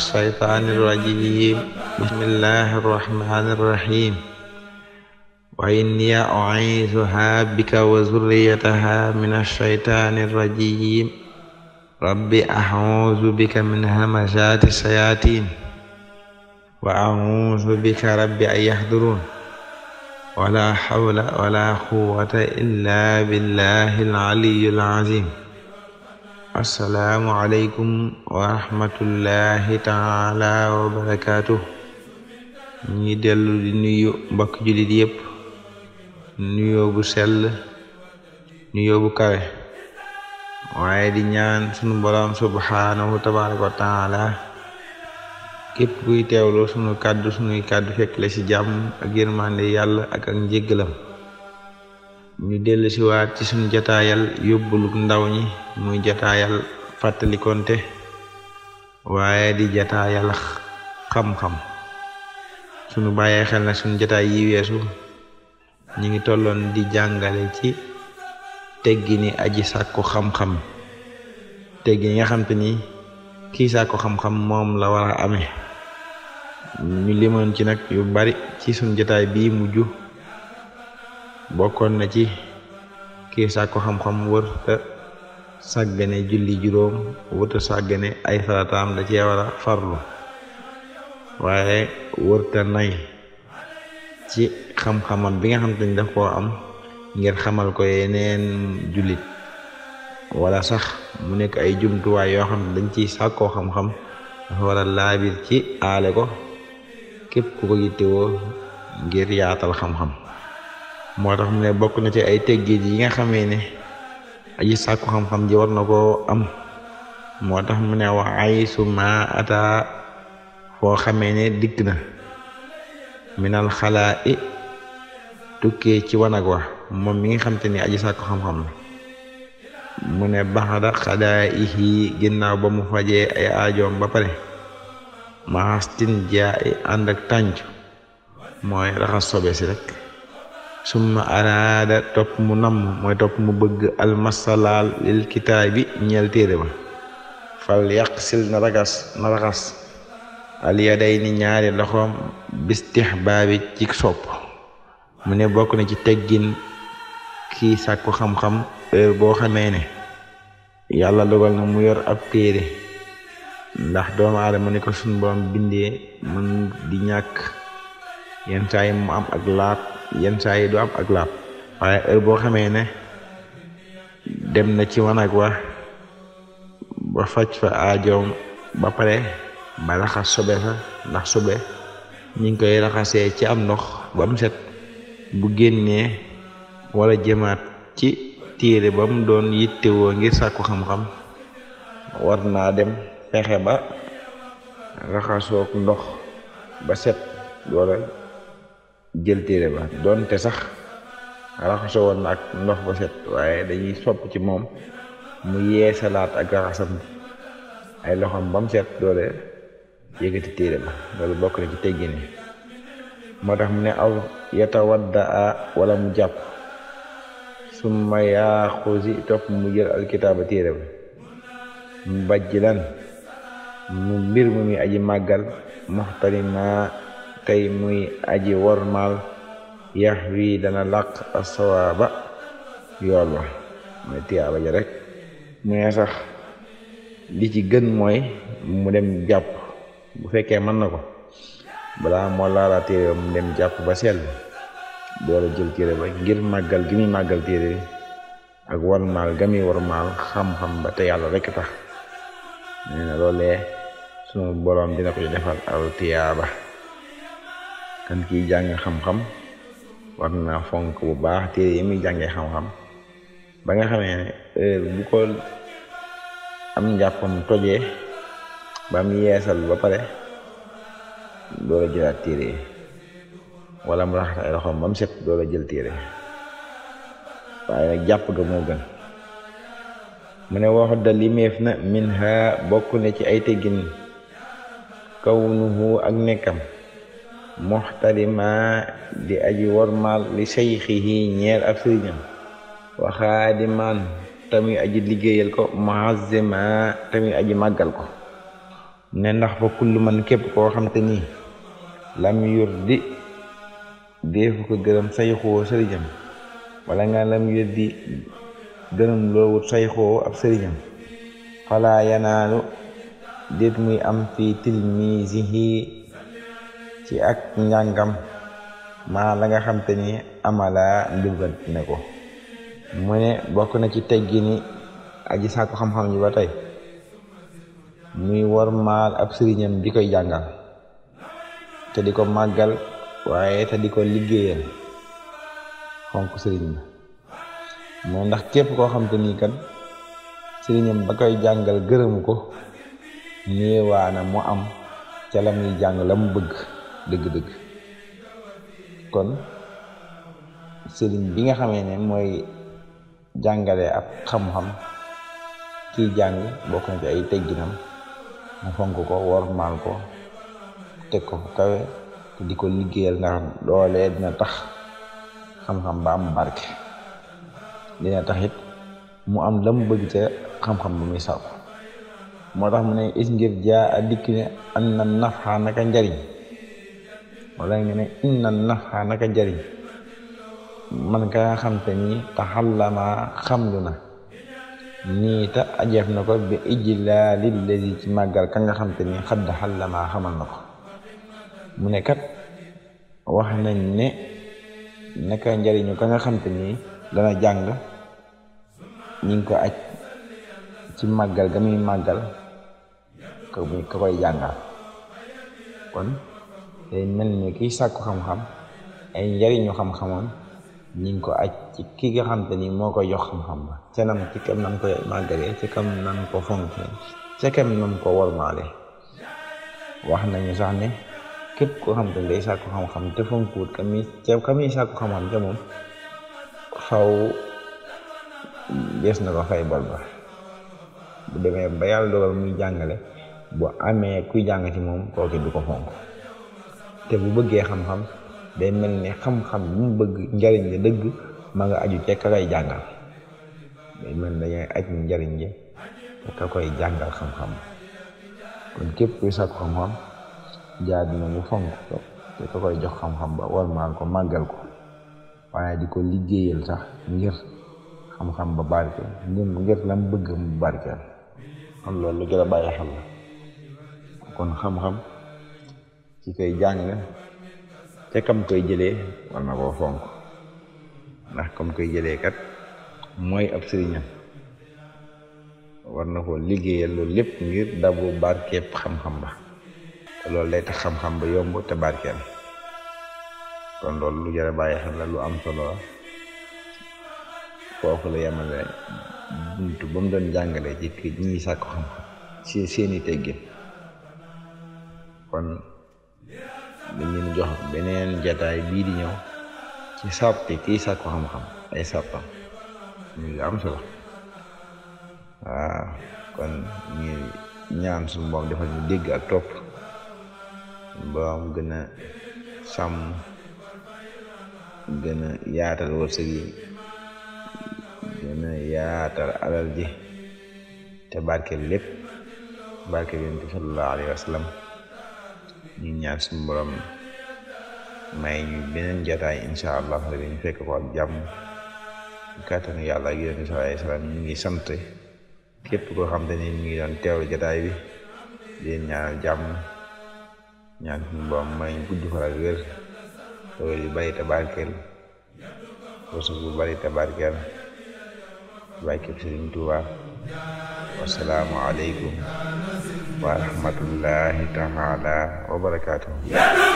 الشيطان الرجيم بسم الله الرحمن الرحيم وإني أعيذها بك وذريتها من الشيطان الرجيم رب أعوذ بك من همزات الشياطين وأعوذ بك رب أن يحضرون ولا حول ولا قوة إلا بالله العلي العظيم assalaamu aleykum wa rahmatullahi taala wa barakaatu ñi dellu di nuyu mbokk jullit yépp nuyoo sell nuyoo bu kawe waaye di ñaan sunu boroom subhaanahu tabaraka wa taala képp kuy teewloo sunu kàddu sunuy kàddu fekk la ci jàmm ak yërmande yàlla ak ak njéggalam ñu dellusiwaat ci suñ jataayal yóbbulu ndaw ñi muy jataayal fàttalikonte waaye di jataayal xam-xam suñu bàyyee xel nag suñ jataay yi weesu ñu ngi tolloon di jàngale ci teggini aji sàkku xam-xam teggi nga xam te ni kii sàkku xam-xam moom la war a amee ñu limoon ci nag yu bari ci suñ jataay bii mujj bokkoon na ci kii sàkku xam-xam wërta sàggane julli juróom wërta sàggane ay farataam da cee war a farlu waaye wërta nay ci xam-xamam bi nga xam te ni daf koo am ngir xamal ko yeneen jullit wala sax mu nekk ay jumtuwaay yoo xam ne dañ ciy sàkkoo xam-xam dafa laabir ci aale ko képp ku ko yittewoo ngir yaatal xam-xam moo tax mu ne bokk na ci ay teggin yi nga xamee ne aji sàkku xam-xam ji war na koo am moo tax mu ne wa ay suma ata foo xamee ne dikk na minal xalaa i tukkee ci wanag wa moom mi nga xam te ni aji sàkku xam-xam la mu ne baxada i ihi ginnaaw ba mu fajee ay aajoom ba pare maxastin jaa i ànd ak tànc mooy raxas sobe si rek summa araada topp mu namm mooy topp mu bëgg almasalaal lil kitaay bi ñeel téere ba fal yàq na ragas na raxas alyaday ni ñaari loxoom bistihbaabi ci sopp mu ne bokk na ci teggin kii sàkku xam-xam boo xamee ne yàlla dogal na mu yor ab téere ndax doom doomu mu ne ko suñ borom bindee mën di ñàkk yenn saa yi mu am ak laat yenn saa yi du am ak laab waaye heure boo xamee ne dem na ci wanag wa ba faj fa aajoom ba pare ba raxas sobe fa ndax sobe ñu ngi koy raxasee ci am ndox bam set bu génnee wala jëmaat ci téere ba mu doon yittewoo ngir sàkku xam-xam war naa dem fexe ba raxasoog ndox ba set loola jël téere ba doonte sax raxasoo woon na ak ndox ba set waaye dañuy sopp ci moom mu yeesalaat ak raxasam ay loxom ba mu set doole yëkkati téere ba loolu bokk na ci teggin yi moo tax mu ne aw yatawadda a wala mu jàpp summa yaaxusi topp mu jël alkitaaba téere ba mu bajj lan mu mbir mu muy aji màggal moxtarima kay muy aji wormaal yax wii dana làq asawaaba yool wa mooy tiyaaba ja rek mu ne sax li ci gën mooy mu dem jàpp bu fekkee mën na ko balaa moo laalaa téere mu dem jàpp ba sell doole jël téere ba ngir màggal gi muy màggal téere bi ak warmaal ga muy warmaal xam-xam ba te yàlla rek tax nee na loolee sunu boroom dina ko defal aw tiyaaba kan kiy jàng xam-xam war fonk bu baax téere yi muy jàngee xam-xam ba nga xamee ne heure bu ko am njàppam tojee ba yeesal ba pare doola jëlaat téere yi wala ay loxoom ba set doola jël téere waaye nag jàpp ga moo gën mu ne waxu da na min ha bokk na ci ay teggin kawnuhu ak nekkam muxtarima di aji wormaal li sayxihi ñeel ab sëriñam waxaadiman tamuy aji liggéeyal ko muhazima tamuy aji màggal ko ne ndax fa kullu man képp koo xam te nii lam yur di deefu ko gërëm sayxoo sëriñam wala nga lam yur gërëm loowut sayxoo ab sëriñam fala yanaalu déet muy am fi tilmisihi ci ak njàngam maa la nga xam ni amala ndugal ne ko mu ne bokk na ci teggini aji sàkku xam-xam ji ba tey muy war maal ab sëriñam di koy jàngal te di ko màggal waaye te di ko liggéeyal fonk sëriñ bi moo ndax képp koo xam te ni kan sëriñam ba koy jàngal gërëmu ko néewaana mu am ca la muy jàng la mu bëgg dëgg-dëgg kon sëriñ bi nga xamee ne mooy jàngale ab xam-xam kiy jàng bokk na ci ay tegginam mu fonk ko wormaal ko teg ko kawe te di ko liggéeyal nga xam loolee dina tax xam-xam ba am barke dina tax mu am lam bëgg ca xam-xam bu muy sàkku moo tax mu ne is ngir jaa a dikk ne am na nafa naka njariñ wala nga ne inna nafa naka jariñ man ka xam te ni taxallama xamlu na nii ta ajeef na ko bi ijlaali lazi ci màggal ka nga xam te ni xadd xallama xamal na ko mu ne kat wax nañ ne naka njariñu ka nga xam te ni dana jàng ñi ngi ko aj ci màggal ga mi màggal ka koy jàngal kon day mel ni kiy sàkku xam-xam ay njariñu xam-xamam ñi ko aj ci ki nga xam te ni moo koy jox xam-xam ba ca nam ci kam nam ko màggalee ci kam ko fonkee ca kam nam ko warmaale wax sax ne képp koo xam te ni day sàkku xam-xam te fonkuwut ka muy ka muy sàkku moom faw des na ko fay bor bu demee ba yàlla dogal muy jàngale bu amee kuy jàng ci moom kooki du ko fonk te bu bëggee xam-xam day mel ni xam-xam bu mu bëgg njariñ li dëgg ma nga aju ca ka koy jàngal day mel ne yaay aj njariñ li te koy jàngal xam-xam kon képp kuy sàkku xam-xam jaadu na mu fonk ko koy jox xam-xam ba warmaal ko màggal ko waaye di ko liggéeyal sax ngir xam-xam ba barke ngir ngir lam bëgg mu barkeel kon loolu lu gën a bàyyi xel la kon xam-xam ki koy jàng te kam koy jëlee war na koo fonk ndax kam koy jële kat mooy ab sëriñam war na koo liggéeyal loolu lépp ngir dabu barkeeb xam-xam ba loolu lay tax xam-xam ba yomb te barkeel kon loolu lu jara bàyyi xel la lu am solo foofu la yemale buntu ba mu doon jàngale ci ñi sàkku xam-xam seeni teggin kon jox beneen jataay bii di ci sàppi kii sàkku xam-xam ay sàppam muy lu am solo waaw kon ñu ñaan suñu boom defal ñu dégg ak topp boom gën a sàmm gën a yaatal wërsëg yi gën a yaatal alal ji te barkeel lépp barkeel yonent bi sallallahu alayhi ñu ñaan suñu may ñu beneen jataay incha allah rek ñu fekk ko ak jàmm kàttanu yàlla ak yonent bi sallallahu alayhi wasallam ñu ngi sant képp koo xam te ni ñu ngi doon teewlu jataay bi di leen ñaanal ñaan suñu boom may ñu gudd faral wér loolu yu bari tabarkeel wërsëg bu bari tabarkeel barkeb Sëriñ Tuubaa wasalaamu aleykum wa rahmatullahi taala wa barakaatuhu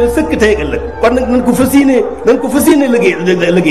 doy sëkk tey ak ëllëg kon nag nañ ko fas yéene nañ ko fas yéene liggéey liggéey